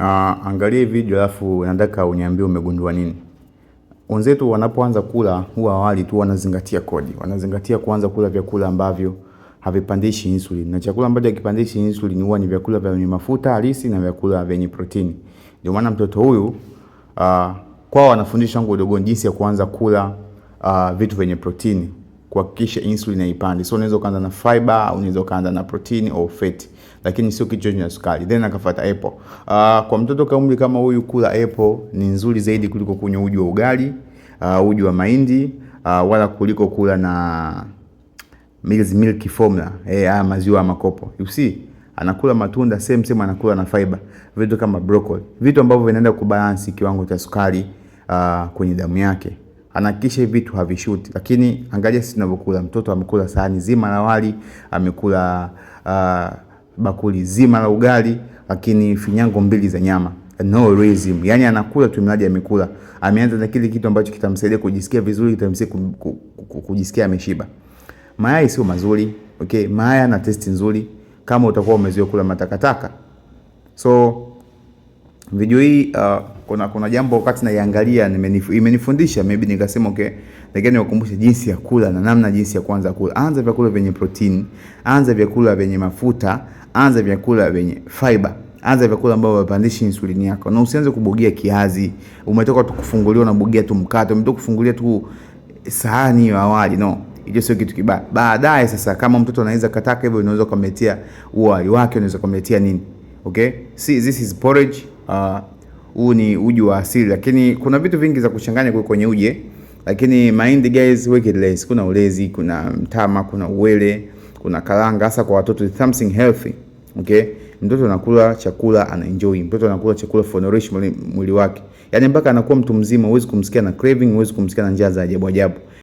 Uh, angalie video alafu nataka uniambie umegundua nini. Wenzetu wanapoanza kula huwa awali tu wanazingatia kodi, wanazingatia kuanza kula vyakula ambavyo havipandishi insulin, na chakula ambacho hakipandishi insulin huwa ni vyakula vyenye mafuta halisi na vyakula vyenye protini. Ndio maana mtoto huyu uh, kwao wanafundisha wangu udogoni jinsi ya kuanza kula uh, vitu vyenye protini kuhakikisha insulin haipandi. So unaweza ukaanza na fiber unaweza ukaanza na protein au fat, lakini sio kichocheo cha sukari. Then akafuata apple. Uh, kwa mtoto kwa umri kama huyu kula apple ni nzuri zaidi kuliko kunywa uji wa ugali, uh, uji wa mahindi, uh, wala kuliko kula na milk milk formula, eh, haya maziwa ya makopo. You see? Anakula matunda same same, anakula na fiber, vitu kama broccoli, vitu ambavyo vinaenda kubalansi kiwango cha sukari uh, kwenye damu yake anahakikisha hivi vitu havishuti, lakini angalia sisi tunavyokula. Mtoto amekula sahani zima la wali, amekula uh, bakuli zima la ugali, lakini finyango mbili za nyama no reason. Yani anakula tu mradi amekula, ameanza na kile kitu ambacho kitamsaidia kujisikia vizuri, kitamsaidia kujisikia ameshiba. Mayai sio mazuri, okay. Mayai yana testi nzuri kama utakuwa umezoea kula matakataka. So video hii uh, kuna, kuna jambo wakati naiangalia imenifundisha maybe nikasema okay, lakini wakumbushe jinsi ya kula na namna jinsi ya kuanza kula. Anza vyakula vyenye protini, anza vyakula vyenye mafuta, anza vyakula vyenye fiber, anza vyakula ambavyo vipandishi insulini yako, na usianze kubugia kiazi. Umetoka tu kufunguliwa na bugia tu mkate, umetoka kufungulia tu sahani ya wali, no hicho sio kitu kibaya. Baadaye sasa, kama mtoto anaweza kataka hivyo, unaweza kumletea wali wake, unaweza kumletea nini. Okay, see this is porridge uh, huu ni uji wa asili, lakini kuna vitu vingi za kuchanganya kwenye uje. Lakini mahindi guys, wicked it Kuna ulezi, kuna mtama, kuna uwele, kuna karanga, hasa kwa watoto something healthy. Okay, mtoto anakula chakula ana enjoy, mtoto anakula chakula for nourishment mwili wake, yani mpaka anakuwa mtu mzima. Huwezi kumsikia na craving, huwezi kumsikia na njaa za ajabu ajabu.